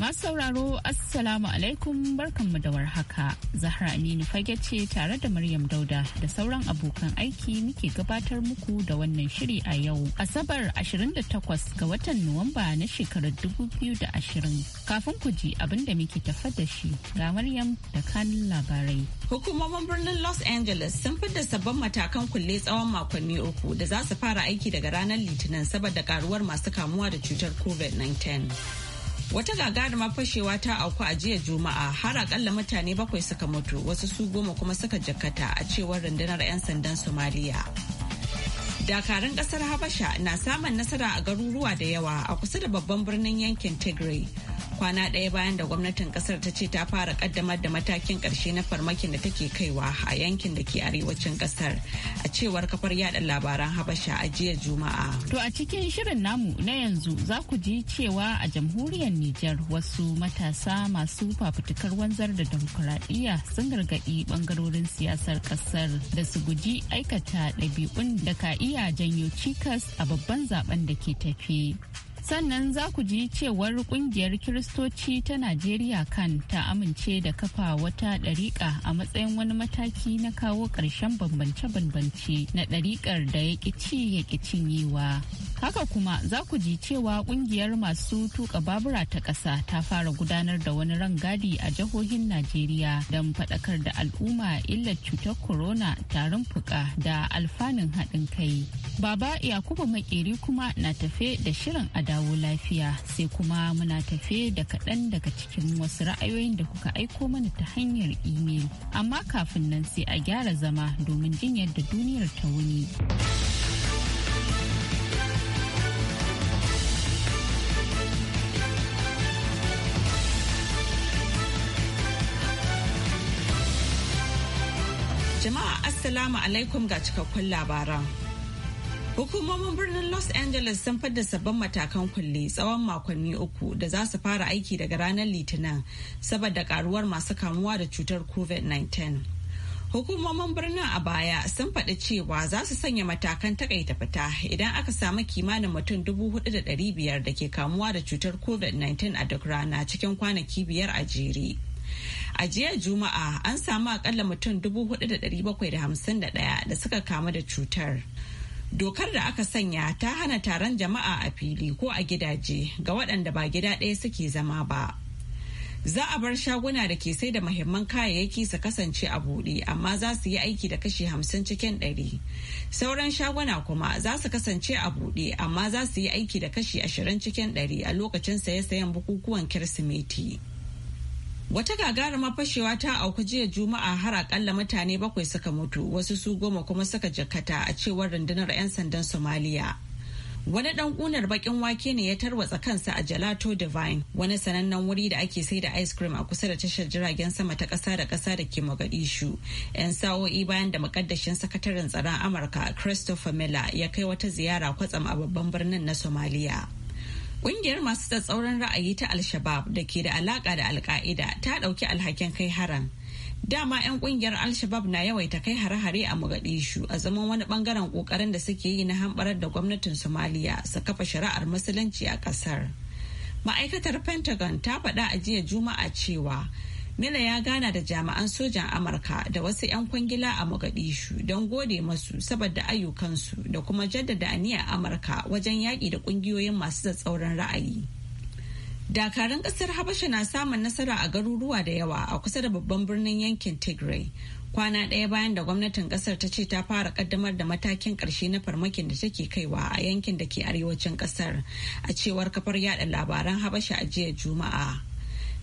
Masu sauraro Assalamu alaikum barkanmu da warhaka. Zahra Aminu fage ce tare da Maryam Dauda da sauran abokan aiki muke gabatar muku da wannan shiri a yau. Asabar 28 ga watan Nuwamba na shekarar 2020. Kafin ku ji abin da muke tafa da shi ga Maryam da kanin labarai. Hukumomin birnin Los Angeles sun fidda sabbin matakan kulle tsawon makonni uku da za su fara aiki daga ranar Litinin saboda karuwar masu kamuwa da cutar COVID-19. Wata gagarima fashewa ta auku a jiya Juma'a har akalla mutane bakwai suka mutu wasu su goma kuma suka jakata a cewar rundunar 'yan sandan Somaliya. Dakarun kasar Habasha na samun nasara a garuruwa da yawa a kusa da babban birnin yankin Tigray kwana ɗaya bayan da gwamnatin kasar ta ce ta fara kaddamar da matakin ƙarshe na farmakin da take kaiwa a yankin da ke arewacin kasar a cewar kafar yada labaran habasha a jiya juma'a. To a cikin shirin namu na yanzu za ku ji cewa a jamhuriyar Nijar wasu matasa masu fafutukar wanzar da demokuraɗiyya sun gargaɗi bangarorin siyasar ƙasar da su guji aikata ɗabi'un da ka iya janyo cikas a babban zaben da ke tafi. sannan za ku ji cewar kungiyar kiristoci ta najeriya kan ta amince da kafa wata ɗariƙa a matsayin wani mataki na kawo ƙarshen bambance-bambance na ɗariƙar da ya ci ya cinyewa haka kuma za ku ji cewa kungiyar masu tuka babura ta ƙasa ta fara gudanar da wani rangadi a jihohin najeriya don faɗakar da al'umma illar cutar corona tarin fuka da alfanun haɗin kai baba yakubu makeri kuma na tafe da shirin adawa dawo lafiya sai kuma muna tafe da kaɗan daga cikin wasu ra'ayoyin da kuka aiko mana ta hanyar imel. Amma kafin nan sai a gyara zama domin jin yadda duniyar ta wuni. Jama'a Assalamu alaikum ga cikakkun labaran. Hukumomin birnin Los Angeles sun fadda sabbin matakan kulle tsawon makonni uku da za su fara aiki daga ranar Litinin saboda karuwar masu kamuwa da cutar COVID-19. Hukumomin birnin a baya sun faɗi cewa za su sanya matakan takaita fita idan aka samu kimanin mutum 4,500 da ke kamuwa da cutar COVID-19 a duk rana cikin kwanaki biyar a jere. A jiya Juma'a an samu akalla mutum 4,751 da suka kamu da cutar. Dokar da aka sanya ta hana taron jama'a a fili ko a gidaje ga waɗanda ba gida ɗaya suke zama ba. Za a bar shaguna da ke sai da mahimman kayayyaki su kasance a buɗe amma za su yi aiki da kashi hamsin cikin ɗari. Sauran shaguna kuma za su kasance a buɗe amma za su yi aiki da kashi ashirin cikin ɗari a lokacin saye-sayen bukukuwan Kirsimeti. Wata gagaruma fashewa ta auku jiya Juma'a har akalla mutane bakwai suka mutu wasu su goma kuma suka jakata a cewar rundunar 'yan sandan Somaliya. Wani dan kunar bakin wake ne ya tarwatsa kansa a Gelato Divine, wani sanannen wuri da ake sai da ice cream a kusa da tashar jiragen sama ta ƙasa da ƙasa da ke Mogadishu. 'Yan sa'o'i bayan da makaddashin sakataren tsaron Amurka Christopher Miller ya kai wata ziyara kwatsam a babban birnin na Somaliya. Ƙungiyar masu tsatsauran ra'ayi ta Alshabab, da ke da alaƙa da Al-Qaida ta ɗauki alhakin kai haran. Dama 'yan ƙungiyar Alshabab na yawaita kai hare-hare a Mogadishu a zaman wani ɓangaren ƙoƙarin da suke yi na hamɓarar da gwamnatin Somaliya su kafa shari'ar musulunci a ƙasar. Ma'aikatar Pentagon ta faɗa a jiya Juma'a cewa Mila ya gana da jami'an sojan Amurka da wasu 'yan kwangila a Mogadishu don gode masu saboda ayyukansu da kuma jaddada a Amurka wajen yaƙi da ƙungiyoyin masu tsauran ra'ayi. Dakarun ƙasar Habasha na samun nasara a garuruwa da yawa a kusa da babban birnin yankin Tigray. Kwana ɗaya bayan da gwamnatin ƙasar ta ce ta fara ƙaddamar da matakin ƙarshe na farmakin da take kaiwa a yankin da ke arewacin ƙasar, a cewar kafar yada labaran Habasha a jiya Juma'a.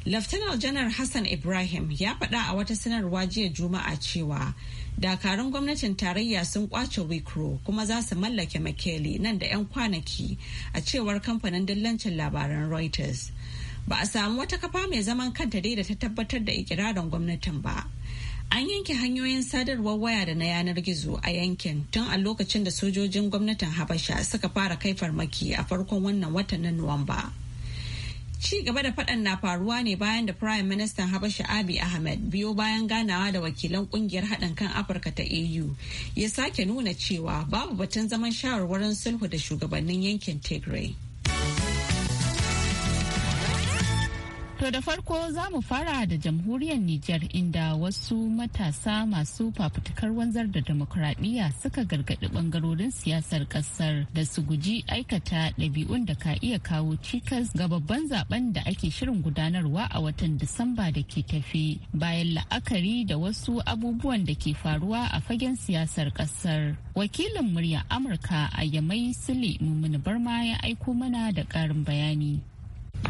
Laftanar Janar Hassan Ibrahim ya faɗa a wata sanarwa jiya Juma'a cewa dakarun gwamnatin tarayya sun kwace Wikro kuma za su mallake makeli nan da 'yan kwanaki a cewar kamfanin dillancin labaran Reuters. Ba a samu wata kafa mai zaman kanta dai da ta tabbatar da ikirarin gwamnatin ba. An yanke hanyoyin sadarwar waya da na yanar gizo a yankin tun a lokacin da sojojin gwamnatin Habasha suka fara kai farmaki a farkon wannan watan na Nuwamba. Ci gaba da faɗan na faruwa ne bayan da Prime Minister Habasha abi Ahmed biyo bayan ganawa da wakilan kungiyar haɗin kan Afirka ta AU ya sake nuna cewa babu batun zaman shawarwarin sulhu da shugabannin yankin Tigray. To da farko za mu fara da jamhuriyar Nijar inda wasu matasa masu fafutukar wanzar da demokuraɗiyya suka gargaɗi ɓangarorin siyasar ƙasar da su guji aikata ɗabi'un da ka iya kawo cikas ga babban zaben da ake shirin gudanarwa a watan Disamba da ke tafi bayan la'akari da wasu abubuwan da ke faruwa a fagen siyasar ƙasar. Wakilin murya Amurka a Yamai Sule Mumuni Barma ya aiko mana da ƙarin bayani.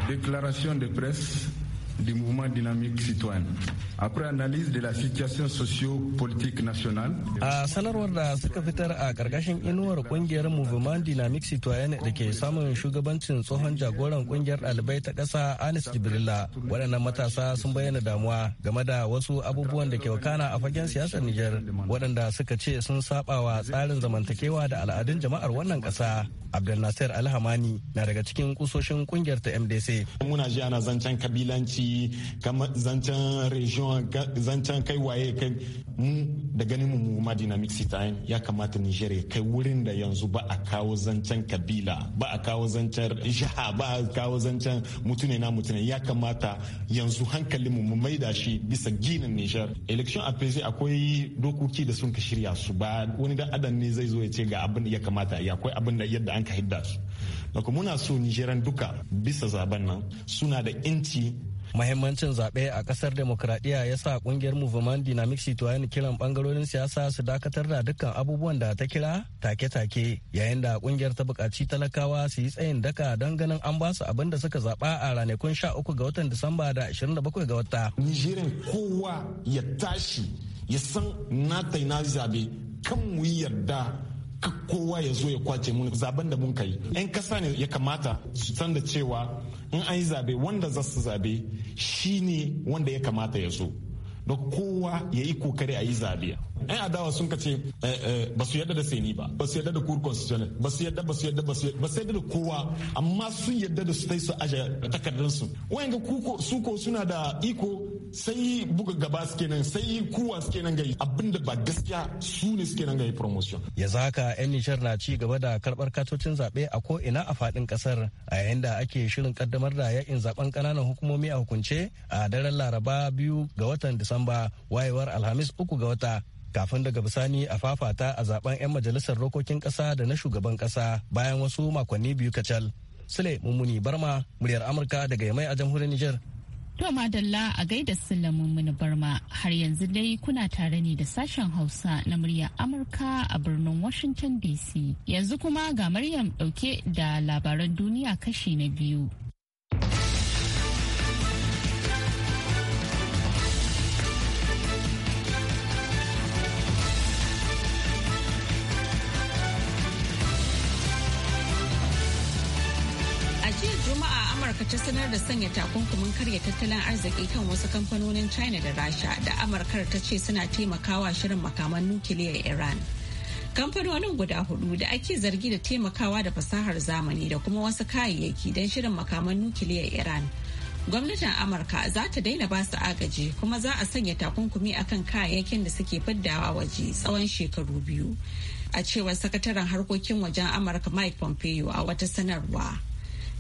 déclaration de presse du mouvement dynamique citoyen. Après analyse de la situation socio-politique nationale. A sanarwar da suka fitar a karkashin inuwar kungiyar mouvement dynamique citoyen da ke samun shugabancin tsohon jagoran kungiyar ɗalibai ta ƙasa Anis Jibrila. Waɗannan matasa sun bayyana damuwa game da wasu abubuwan da ke wakana a fagen siyasar Nijar waɗanda suka ce sun saba tsarin zamantakewa da al'adun jama'ar wannan ƙasa. Abdel Nasser Alhamani na daga cikin kusoshin kungiyar ta MDC. Muna ji ana zancen kabilanci kamar zancen region zancen kai waye kai mu da ganin mu ma dynamic city ya kamata Niger kai wurin da yanzu ba a kawo zancen kabila ba a kawo zancen jiha ba a kawo zancen mutune na mutune ya kamata yanzu hankalin mu maida shi bisa ginin Niger election a akwai dokoki da sun ka shirya su ba wani dan adam ne zai zo ya ce ga abin da ya kamata ya akwai abin da yadda an ka hidda su muna so Nigerian duka bisa zaben nan suna da inci Mahimmancin zaɓe a ƙasar demokradiyya ya sa ƙungiyar Movement Dynamic Citoyen kiran ɓangarorin siyasa su dakatar da dukkan abubuwan da ta kira take-take yayin da ƙungiyar ta buƙaci talakawa su yi tsayin daka don ganin an ba su abin da suka zaɓa a ranakun 13 ga watan Disamba da 27 ga wata. Nijerin kowa ya tashi ya san na na zabe kan mu yarda kowa ya zo ya kwace mun zaben da mun kai yan kasa ne ya kamata su san da cewa in an yi zabe wanda za su zabe ne wanda ya kamata ya zo da kowa ya yi kokari a yi zabe yan adawa sun kace eh, eh, ba su yadda da seni ba ba su yadda da kuri constitutional ba su yadda ba su yadda ba su yadda da kowa amma sun yadda da su tai su aje takardunsu su wayan ga su ko suna da iko sai buga gaba suke nan sai kuwa suke nan gai abinda ba gaskiya su ne suke nan gai promotion ya za ka yan nishar na ci gaba da karbar katocin zaɓe a ko ina a faɗin ƙasar a yayin da ake shirin kaddamar da yakin zaben ƙananan hukumomi a hukunce a daren laraba biyu ga watan disamba wayewar alhamis uku ga wata kafin daga bisani a fafata a zaben 'yan majalisar rokokin kasa da na shugaban ƙasa bayan wasu makonni biyu kacal. Sule Mummuni Barma, muryar Amurka daga Yamai a jamhuriyar Nijar. To Madalla a gaida Sulamun mini barma har yanzu dai kuna tare ne da sashen Hausa na murya Amurka a birnin Washington DC. Yanzu kuma ga Maryam dauke da labaran duniya kashi na biyu. amurka ta sanar da sanya takunkumin karya tattalin arziki kan wasu kamfanonin china da rasha da amurkar ta ce suna taimakawa shirin makaman nukiliyar iran kamfanonin guda hudu da ake zargi da taimakawa da fasahar zamani da kuma wasu kayayyaki don shirin makaman nukiliyar iran gwamnatin amurka za ta daina ba su agaji kuma za a sanya takunkumi akan kayayyakin da suke fiddawa waje tsawon shekaru biyu a cewar sakataren harkokin wajen amurka mike pompeo a wata sanarwa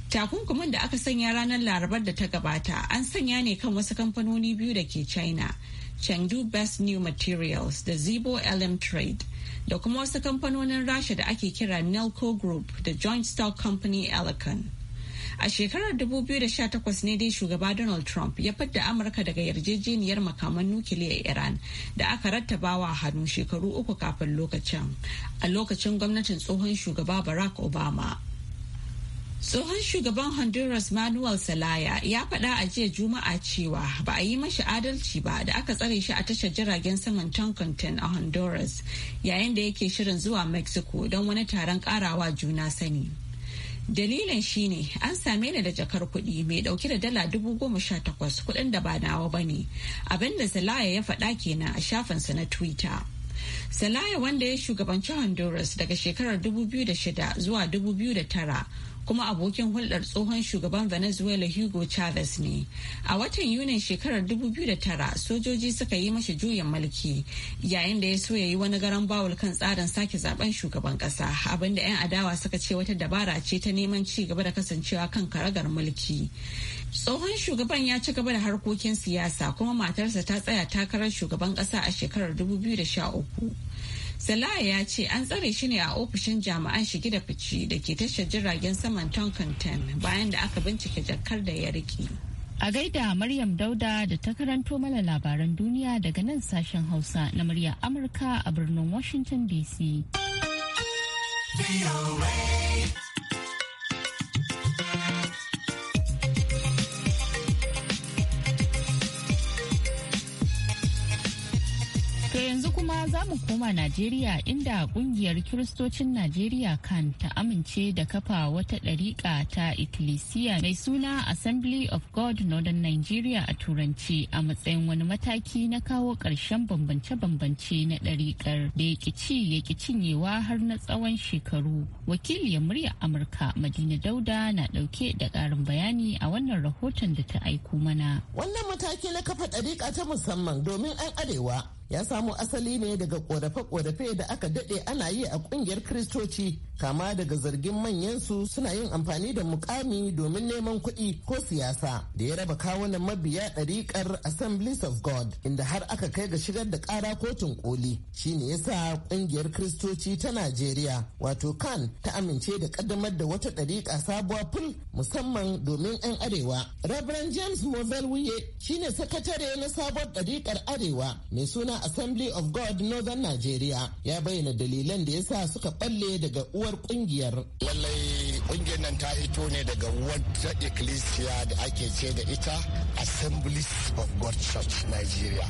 Takunkumin da aka sanya ranar Larabar da ta gabata an sanya ne kan wasu kamfanoni biyu da ke China, Chengdu Best New Materials da Zibo LM Trade, da kuma wasu kamfanonin Rasha da ake kira Nelco Group da Joint Stock Company Elecon. A shekarar 2018 ne dai shugaba Donald Trump ya fadda Amurka daga yarjejeniyar makaman nukiliya Iran da aka rattabawa hannu shekaru uku kafin lokacin, a lokacin gwamnatin tsohon shugaba Barack Obama. Tsohon shugaban Honduras Manuel Zelaya ya faɗa a jiya Juma'a cewa ba a yi mashi adalci ba da aka tsare shi a tashar jiragen saman Tonkantin a Honduras yayin da yake shirin zuwa Mexico don wani taron ƙarawa juna sani. Dalilin shine an same ni da jakar kuɗi mai ɗauke da dala dubu goma sha takwas kuɗin da ba nawa ba ne abinda Zelaya ya faɗa kenan a shafinsa na Twitter. Zelaya wanda ya shugabanci Honduras daga shekarar dubu biyu da shida zuwa dubu biyu da tara. kuma abokin hulɗar tsohon shugaban venezuela hugo chavez ne a watan yunin shekarar 2009 sojoji suka yi mashi juyin mulki yayin da ya so ya yi wani garan bawul kan tsarin sake zaben shugaban kasa abinda 'yan adawa suka ce wata dabara ce ta neman ci gaba da kasancewa kan karagar mulki tsohon shugaban ya ci gaba da harkokin siyasa kuma matarsa ta tsaya takarar shugaban ƙasa a shekarar 2013 Salaya ya ce an tsare shi ne a ofishin jami'an shige da fice da ke tashar jiragen saman Tonkinton bayan da aka bincike jakar da ya riki. A gaida Maryam Dauda da ta karanto mana labaran duniya daga nan sashen Hausa na murya Amurka a birnin Washington DC. za mu koma Najeriya inda kungiyar Kiristocin Najeriya kan ta amince da kafa wata ɗariƙa ta ikkilisiya mai suna Assembly of God Northern Nigeria a Turanci a matsayin wani mataki na kawo ƙarshen bambance-bambance na ɗariƙar da ya ƙici ya cinyewa har na tsawon shekaru. Wakiliyar murya Amurka Madina Dauda na ɗauke da ƙarin bayani a wannan rahoton da ta aiko mana. Wannan mataki na kafa ɗariƙa ta musamman domin an arewa ya samo asali ne daga ƙorafe korafe da aka daɗe ana yi a ƙungiyar kristoci kama daga zargin manyansu suna yin amfani da mukami domin neman kuɗi ko siyasa da ya raba kawunan mabiya ɗariƙar assemblies of god inda har aka kai ga shigar da ƙara kotun koli shine yasa ƙungiyar kristoci ta najeriya wato kan ta amince da ƙaddamar da wata ɗariƙa sabuwa ful musamman domin 'yan arewa reverend james mobile wuye shine sakatare na sabuwar ɗariƙar arewa mai suna na Assembly of God Northern Nigeria ya bayyana dalilan da ya sa suka balle daga uwar kungiyar. Lallai kungiyar nan ta hito ne daga wata ecclesia da ake ce da ita Assemblies of God Church Nigeria.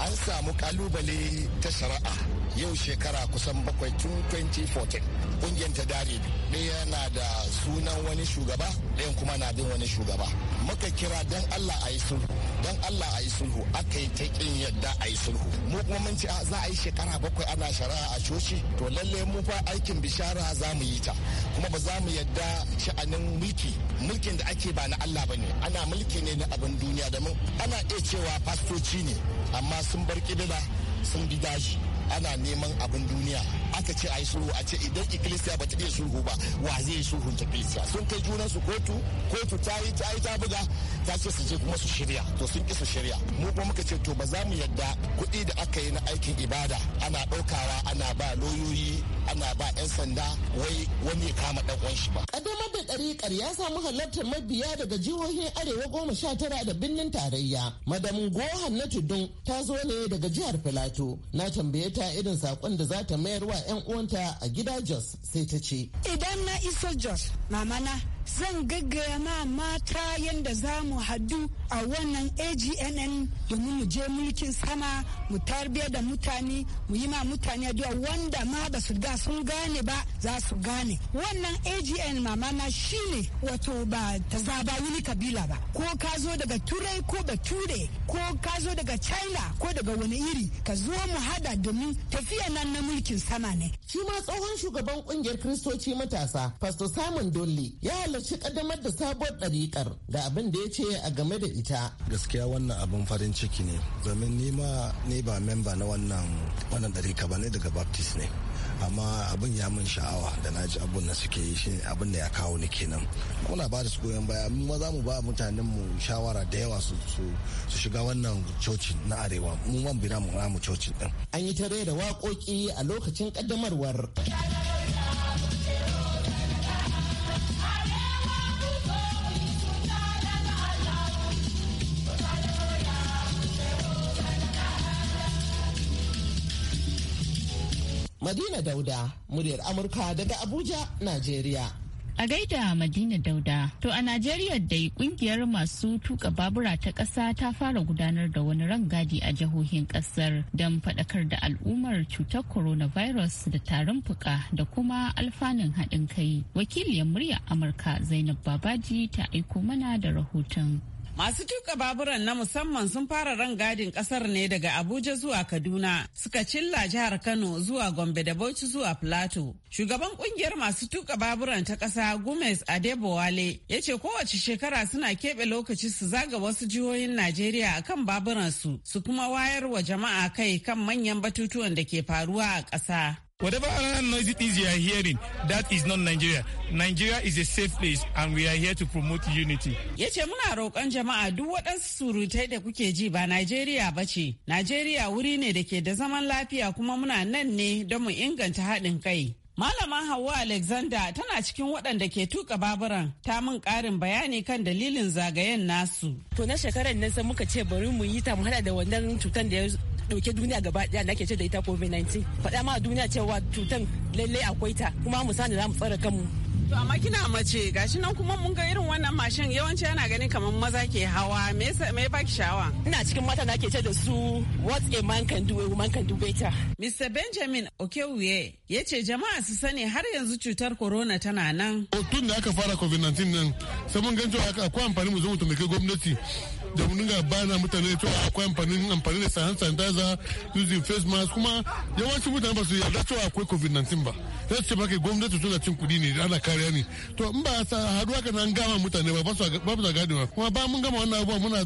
An samu kalubale ta shari'a yau shekara kusan bakwai tun 2014 kungiyar ta dare ɗaya na da sunan wani shugaba ɗayan kuma na bin wani shugaba muka kira don allah a yi sulhu don allah a yi sulhu aka yi ta kin yadda a yi sulhu mu kuma mun ce za a yi shekara bakwai ana shari'a a coci to lalle mu fa aikin bishara za mu yi ta kuma ba za mu yadda sha'anin mulki mulkin da ake ba na allah ba ne ana mulki ne na abin duniya da mun ana iya cewa fastoci ne amma sun bar kidida sun bi daji ana neman abin duniya aka ce a yi sulhu a ce idan ikilisiya ba ta iya sulhu ba wa zai yi sulhun ta ikilisiya sun kai junan su kotu kotu ta yi ta yi ta buga ta ce su je kuma su shirya to sun ki su shirya mu kuma muka ce to ba za mu yadda kuɗi da aka yi na aikin ibada ana ɗaukawa ana ba lauyoyi ana ba 'yan sanda wai wani ya kama ɗan uwan shi ba. Ƙaddamar da ɗariƙar ya samu halartar mabiya daga jihohin Arewa goma sha tara da birnin tarayya. madamu Gohan na Tudun ta zo ne daga jihar Filato. Na tambaye ta ta irin sakon da za ta mayar wa 'yan uwanta a gida Jos sai ta ce. Idan na iso Jos, mamana zan gaggaya ma mata yadda za mu hadu a wannan agnn domin mu je mulkin sama mu tarbiyyar da mutane mu yi ma mutane addu'a wanda ma ba su ga sun gane ba za su gane wannan agn mama na shine wato ba ta zaba wani kabila ba ko ka zo daga turai ko bature ko ka zo daga china ko daga wani iri ka zo mu hada domin tafiya nan na mulkin sama ne shi tsohon shugaban kungiyar kristoci matasa pastor simon dolly ya halarci kaddamar da sabuwar ɗariƙar ga abin da ya ce a game da ita. Gaskiya wannan abin farin ciki ne domin ni ma ne ba memba na wannan wannan ɗarika ba ne daga Baptist ne. amma abin ya min sha'awa da na ji abin da suke yi shine abin da ya kawo ni kenan muna ba da su goyon baya mu ma za mu ba mutanen mu shawara da yawa su shiga wannan cocin na arewa mu man bira mu cocin din an yi tare da waƙoƙi a lokacin ƙaddamarwar. Madina Dauda, muryar Amurka daga Abuja, Najeriya. A gaida Madina Dauda, to a Najeriya dai kungiyar masu tuka babura ta ƙasa ta fara gudanar da wani rangadi a jihohin ƙasar don faɗakar da al'ummar cutar coronavirus da tarin fuka da kuma alfanun haɗin kai. Wakiliyar murya Amurka Zainab Babaji ta aiko mana da rahoton. Masu tuka baburan na musamman sun fara ran gadin kasar ne daga Abuja zuwa Kaduna, suka cilla jihar Kano zuwa Gombe da Bauchi zuwa Plateau. Shugaban kungiyar masu tuka baburan ta kasa Gomez Adebowale ya ce kowace shekara suna keɓe lokaci su zaga wasu jihohin Najeriya akan baburan su, su kuma wayar wa jama'a kai kan manyan batutuwan da ke faruwa a ƙasa. Whatever other noisy things you are hearing, that is not Nigeria. Nigeria is a safe place and we are here to promote unity. Ya ce muna roƙon jama'a duk waɗansu surutai da kuke ji ba Najeriya ba ce. Najeriya wuri ne da ke da zaman lafiya kuma muna nan ne don mu inganta haɗin kai. Malama Hauwa Alexander tana cikin waɗanda ke tuka baburan ta min ƙarin bayani kan dalilin zagayen nasu. To na shekarar nan sai muka ce bari mu yi ta mu hada da wannan cutar da dauke duniya gaba ɗaya da ce da ita covid-19 faɗa ma duniya cewa cutan lallai akwai ta kuma mu sani za mu tsare kanmu To amma kina mace gashi nan kuma mun ga irin wannan mashin yawanci yana ganin kamar maza ke hawa me yasa me baki shawa. Ina cikin mata na ke ce da su what a man can do a woman can do better. Mr Benjamin Okewuye ya ce jama'a su sani har yanzu cutar corona tana nan. Tun da aka fara COVID-19 nan sai mun gan cewa akwai amfani mu zo mu taimaki gwamnati da mun dinga bana mutane cewa akwai amfanin amfani da hand sanitizer using face mask kuma yawanci mutane ba su yarda cewa akwai COVID-19 ba. Sai su ce ba ke gwamnati suna cin kuɗi ne da ana kare bayani to in ba sa haduwa ka nan gama mutane ba ba su gane ba kuma ba mun gama wannan abuwa muna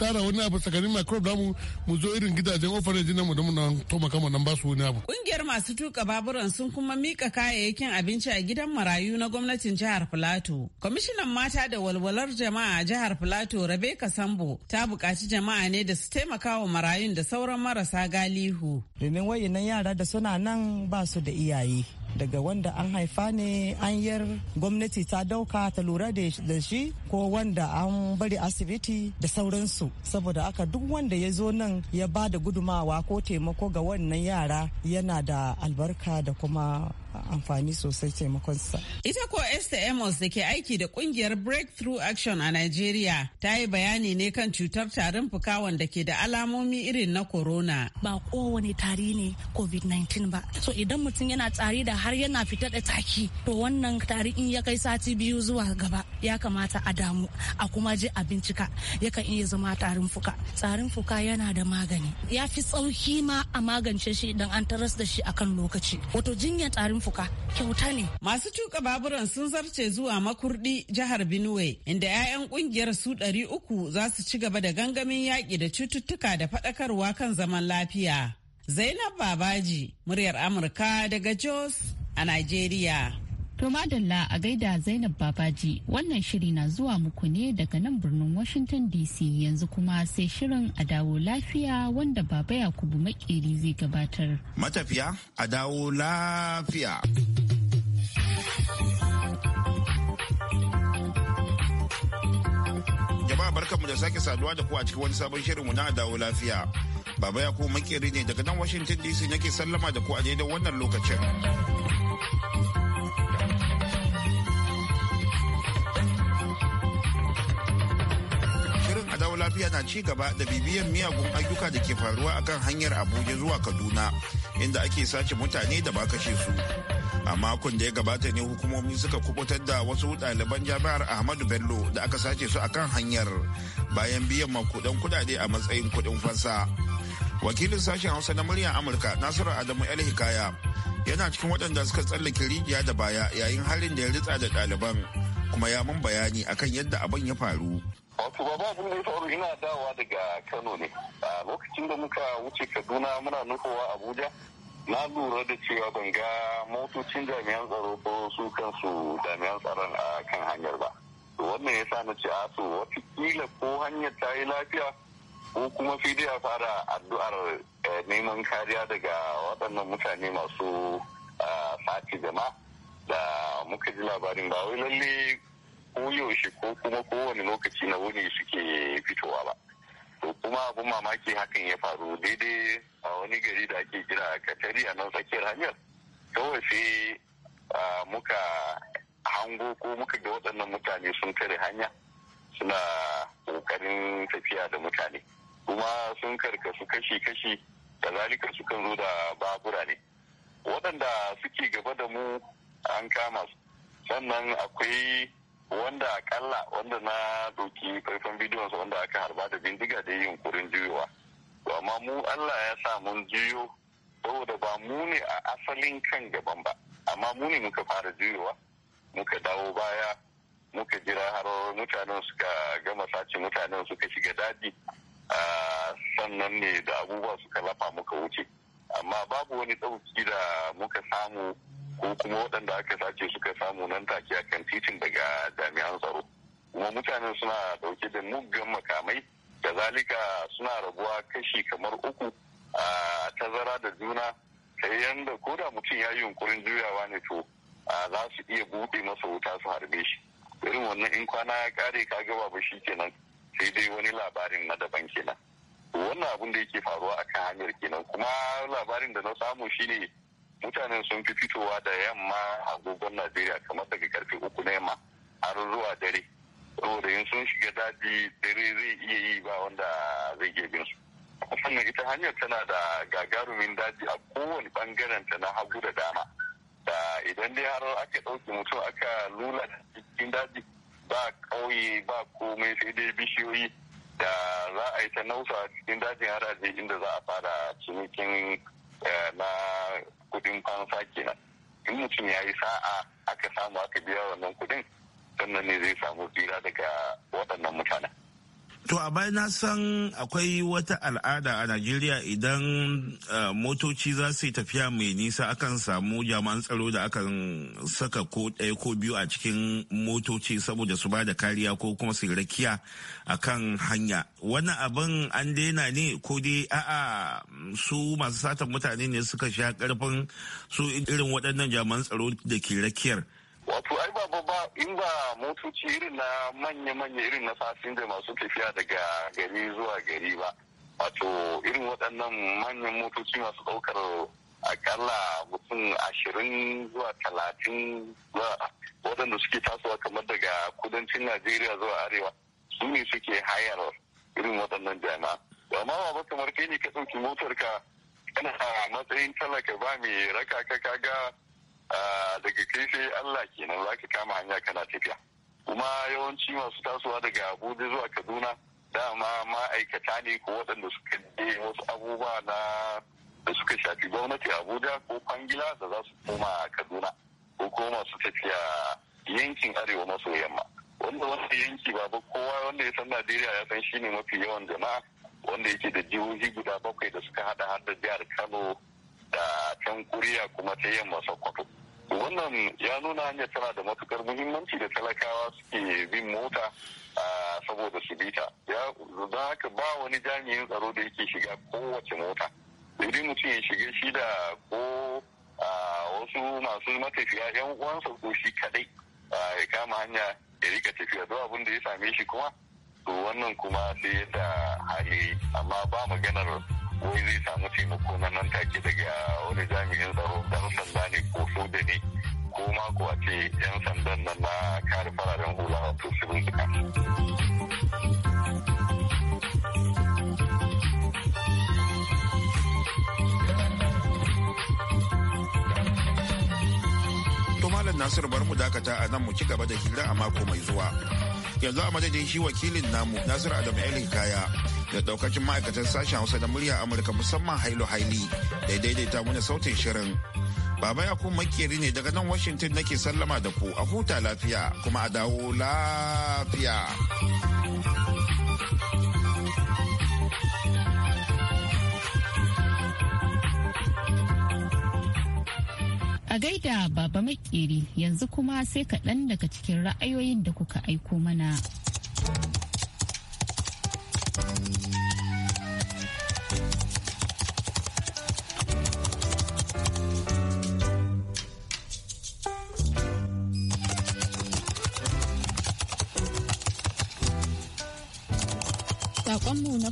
tara wani abu tsakanin microbe da mu mu zo irin gidajen orphanage na mu da muna to kama nan ba su wani abu kungiyar masu tuka baburan sun kuma mika kayayyakin abinci a gidan marayu na gwamnatin jihar Filato kwamishinan mata da walwalar jama'a a jihar Filato Rebecca Sambo ta buƙaci jama'a ne da su taimaka wa marayun da sauran marasa galihu domin wayannan yara da suna nan ba su da iyaye daga wanda an haifa ne an yar gwamnati ta dauka ta lura da shi ko wanda an bari asibiti da sauransu saboda aka duk wanda ya zo nan ya ba da gudumawa ko taimako ga wannan yara yana da albarka da kuma amfani sosai taimakon sa. Ita ko Esther Amos da ke aiki da kungiyar Breakthrough Action a Nigeria ta yi bayani ne kan cutar tarin fuka wanda ke da alamomi irin na corona. Ba kowane tari ne COVID-19 ba. So idan mutum yana tsari da har yana fitar da taki to wannan tari in ya kai sati biyu zuwa gaba ya kamata a damu a kuma je a bincika yakan iya zama tarin fuka. Tarin fuka yana da magani. Ya fi tsauki ma a magance shi idan an taras da shi akan lokaci. Wato jinyar tarin fuka kyauta ne. Masu tuka baburan sun zarce zuwa makurdi jihar Benue inda 'ya'yan kungiyar su ɗari uku za su ci gaba da gangamin yaƙi da cututtuka da faɗakarwa kan zaman lafiya. Zainab Babaji, muryar Amurka daga Jos a nigeria. To madalla a gaida Zainab Babaji wannan shiri na zuwa muku ne daga nan birnin Washington DC yanzu kuma sai shirin a dawo lafiya wanda Baba Yakubu Makeri zai gabatar. Matafiya a dawo lafiya. Jama'a barkanmu da sake saduwa da ku a cikin wani sabon shirinmu na dawo lafiya. Baba Yakubu Makeri ne daga nan Washington DC nake sallama da ku a daidai wannan lokacin. lafiya na ci gaba da bibiyan miyagun ayyuka da ke faruwa akan hanyar abuja zuwa kaduna inda ake sace mutane da ba kashe su a makon da ya gabata ne hukumomi suka kubutar da wasu ɗaliban jami'ar ahmadu bello da aka sace su a kan hanyar bayan biyan makudan kudade a matsayin kudin fansa wakilin sashen hausa na muryar amurka nasiru adamu el hikaya yana cikin waɗanda suka tsallake rijiya da baya yayin halin da ya ritsa da ɗaliban kuma ya mun bayani akan yadda abin ya faru wato ba ba abin da ya faru ina dawowa daga kano ne a lokacin da muka wuce kaduna muna nufowa abuja na lura da cewa ban ga motocin jami'an tsaro ko su kansu jami'an tsaron a kan hanyar ba to wannan ya sa na ce a to watakila ko hanyar ta yi lafiya ko kuma fidai a fara addu'ar eh, neman kariya daga waɗannan mutane masu ah, sati jama'a da muka ji labarin ba wai lalle koyaushe ko kuma kowane lokaci na wuni suke fitowa ba to kuma abin mamaki hakan ya faru daidai a wani gari da ake jira kira katari a nan tsakiyar hanyar kawai sai muka hango ko muka ga waɗannan mutane sun tare hanya suna ƙoƙarin tafiya da mutane kuma sun karkasu kashi-kashi da zalika sukan zo da babura ne waɗanda suke gaba da mu an kama su sannan akwai wanda akalla wanda na doki karfin bidiyon sa wanda aka harba da bindiga da yin yunkurin juyowa to amma mu Allah ya sa mun juyo saboda ba mu ne a asalin kan gaban ba amma mu ne muka fara juyowa muka dawo baya muka jira har mutanen suka gama sace mutanen suka shiga daji sannan ne da abubuwa suka lafa muka wuce amma babu wani ɗauki da muka samu ko kuma waɗanda aka sace suka samu nan take a kan titin daga jami'an tsaro kuma mutanen suna ɗauke da muggan makamai da zalika suna rabuwa kashi kamar uku a tazara da juna ta yanda ko da mutum ya yi yunkurin juyawa ne to za su iya buɗe masa wuta su harbe shi irin wannan in kwana ya kare ka gaba ba shi kenan sai dai wani labarin na daban kenan wannan abin da yake faruwa akan hanyar kenan kuma labarin da na samu shine mutanen sun fi fitowa da yamma agogon najeriya kamar daga karfe uku na yamma har zuwa dare saboda in sun shiga daji dare zai iya yi ba wanda zai ke bin su sannan ita hanyar tana da gagarumin daji a kowane bangaren ta na hagu da dama da idan dai har aka ɗauki mutum aka lula cikin daji ba ƙauye ba komai sai dai bishiyoyi da za a yi ta nausa cikin dajin har inda za a fara cinikin Eh, na kudin fansa kenan in mutum ya yi sa'a aka samu aka biya wannan kudin sannan ne zai samu tsira daga waɗannan mutanen To a baya na san akwai wata al'ada a Najeriya idan motoci za su yi tafiya mai nisa akan samu jami'an tsaro da akan saka ko ɗaya ko biyu a cikin motoci saboda su ba da kariya ko kuma su rakiya a kan hanya. Wannan abin an daina ne ko dai a'a su masu satan mutane ne suka sha karfin su irin waɗannan jami'an tsaro da ke rakiyar. wato ai ba ba in ba motoci irin na manya-manya irin na fasinja masu tafiya daga gari zuwa gari ba wato irin waɗannan manyan motoci masu ɗaukar akalla mutum ashirin zuwa talatin zuwa waɗanda suke tasowa kamar daga kudancin najeriya zuwa arewa su ne suke hayar irin waɗannan jama'a ma ba kamar kai ne ka ɗauki motar ka kana matsayin talaka ba mai raka ka kaga daga kai sai Allah kenan za ka kama hanya kana tafiya kuma yawanci masu tasowa daga Abuja zuwa Kaduna dama ma'aikata ne ko waɗanda suka je wasu abubuwa na da suka shafi gwamnati Abuja ko kwangila da za su koma Kaduna ko kuma masu tafiya yankin arewa maso yamma wanda wanda yanki ba ba kowa wanda ya san Najeriya ya san shine mafi yawan jama'a wanda yake da jihohi guda bakwai da suka hada har da jihar Kano da can kuriya kuma ta yamma Sokoto wannan ya nuna hanyar tana da matukar muhimmanci da talakawa suke bin mota saboda su bita ya don haka ba wani jami'in tsaro da yake shiga kowace mota idan mutum ya shiga shi da ko wasu masu matafiya yan uwansa ko shi kadai ya kama hanya ya rika tafiya duk abin da ya same shi kuma to wannan kuma sai da hali amma ba maganar wai zai samu taimako na nan take daga wani jami'in tsaro dan sanda ne ko soja ne ko ma a ce yan sandan nan na kare fararen hula wato civil defense Malam Nasiru bar mu dakata a nan mu ci gaba da hira a mako mai zuwa. Yanzu a madadin shi wakilin namu Nasiru Adamu Elin Kaya da daukacin ma'aikatan sashen hausa da murya amurka musamman hailu haili da daidaita mana sautin shirin baba yakub makeri ne daga nan washington nake sallama da ku a huta lafiya kuma a dawo lafiya A gaida baba makeri yanzu kuma sai kaɗan daga cikin ra'ayoyin da kuka aiko mana.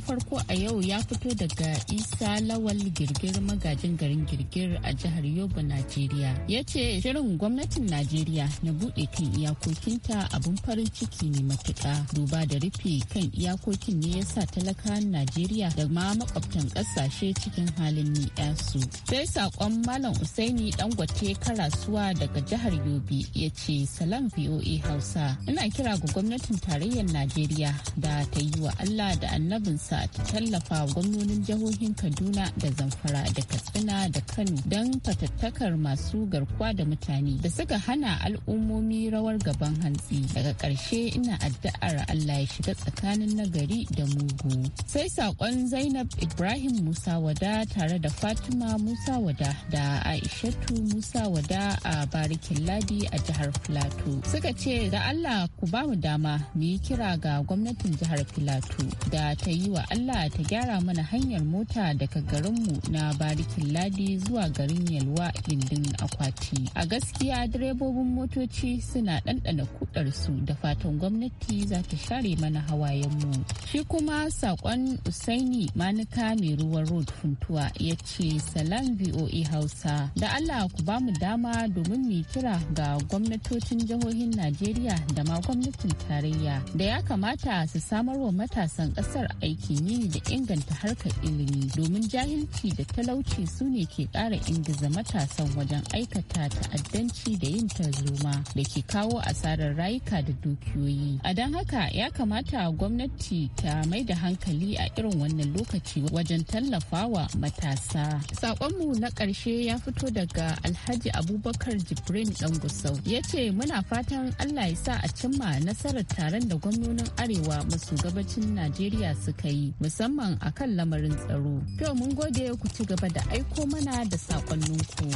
farko a yau ya fito daga Isa Lawal Girgir magajin garin Girgir a jihar Yobe, Najeriya. Ya ce shirin gwamnatin Najeriya na bude kan iyakokinta abun farin ciki ne matuka Duba da rufe kan iyakokin ne ya sa talakawan Najeriya da ma makwabtan kasashe cikin halin su. Sai sakon Malam Usaini Dangote Karasuwa daga jihar Yobe ya ce salam VOA Hausa. Ina kira ga gwamnatin tarayyar Najeriya da ta yi wa Allah da annabinsa amurka ta tallafa gwamnonin jihohin kaduna da zamfara da katsina da kano don fatattakar masu garkuwa da mutane da suka hana al'ummomi rawar gaban hantsi daga ƙarshe ina addu'ar allah ya shiga tsakanin nagari da mugu sai saƙon zainab ibrahim musa wada tare da fatima musa wada da aishatu musa wada a barikin ladi a jihar filato suka ce da allah ku ba mu dama mu yi kira ga gwamnatin jihar filato da ta yi wa Allah ta gyara mana hanyar mota daga garinmu na barikin ladi zuwa garin yalwa gindin akwati. A gaskiya direbobin motoci suna ɗanɗana kudarsu da fatan gwamnati za ta share mana hawayenmu. Shi kuma saƙon Usaini Manuka mai ruwan road funtuwa ya ce salam VOA Hausa. Da Allah ku ba mu dama domin mu kira ga gwamnatocin jihohin Najeriya da ma gwamnatin tarayya da ya kamata su samar wa matasan ƙasar aiki kimiyya da inganta harkar ilimi domin jahilci da talauci su ne ke ƙara ingiza matasan wajen aikata ta'addanci da yin tarzoma da ke kawo asarar rayuka da dukiyoyi. A don haka ya kamata gwamnati ta mai da hankali a irin wannan lokaci wajen tallafawa matasa. Sakonmu na ƙarshe ya fito daga Alhaji Abubakar Jibrin gusau. ya ce muna fatan Allah ya sa a cimma nasarar taron da gwamnonin Arewa masu gabacin Najeriya suka yi musamman a kan lamarin tsaro. Kyau mun gode ku ci gaba da aiko mana da saƙonninku.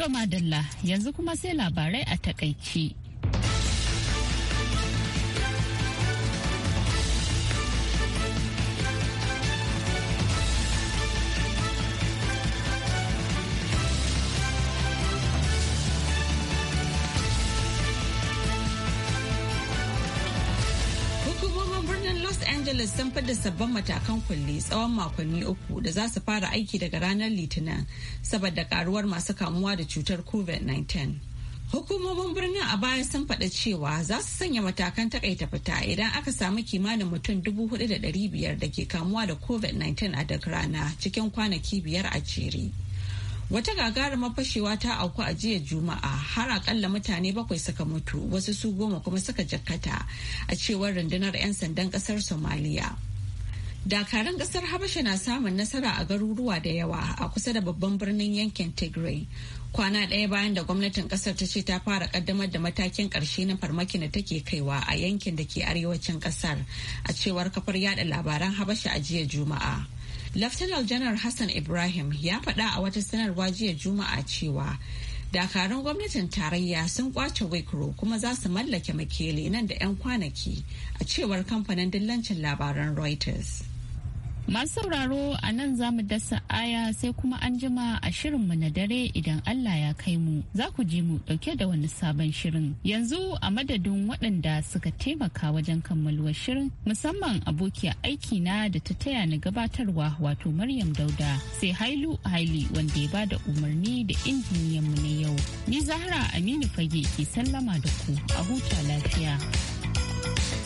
Roma Dalla yanzu kuma sai labarai a takaici. sun fidda sabbin matakan kulle tsawon makonni uku da za su fara aiki daga ranar litinin saboda karuwar masu kamuwa da cutar covid-19 hukumomin birnin a baya sun faɗa cewa za su sanya matakan takaita fita idan aka samu kimanin mutum 4,500 da ke kamuwa da covid-19 a duk rana cikin kwanaki biyar a jere. Wata gagarumar fashewa ta auku a jiya Juma'a har akalla mutane bakwai suka mutu wasu su goma kuma suka jakkata a cewar rundunar 'yan sandan kasar Somaliya. Dakarun kasar Habasha na samun nasara a garuruwa da yawa a kusa da babban birnin yankin Tigray. Kwana ɗaya bayan da gwamnatin kasar ta ce ta fara kaddamar da matakin ƙarshe na farmakin da take kaiwa a yankin da ke arewacin kasar a cewar kafar yada labaran Habasha a jiya Juma'a. Laftanar Janar Hassan Ibrahim ya faɗa a wata sanarwa jiya Juma'a cewa dakarun gwamnatin tarayya sun kwace Wikro kuma za su mallake makele nan da 'yan kwanaki a cewar kamfanin dillancin labaran Reuters. Masu sauraro a nan za mu dasa aya sai kuma an jima a shirinmu na dare idan Allah ya kai mu za ku ji mu dauke da wani sabon shirin. Yanzu a madadin waɗanda suka taimaka wajen kammaluwar shirin musamman abokiya aiki na da ta taya ni gabatarwa wato Maryam Dauda sai Hailu Haili wanda ya ba da umarni da injiniyan mu na yau. Ni Zahra Aminu Fage ke sallama da ku a huta lafiya.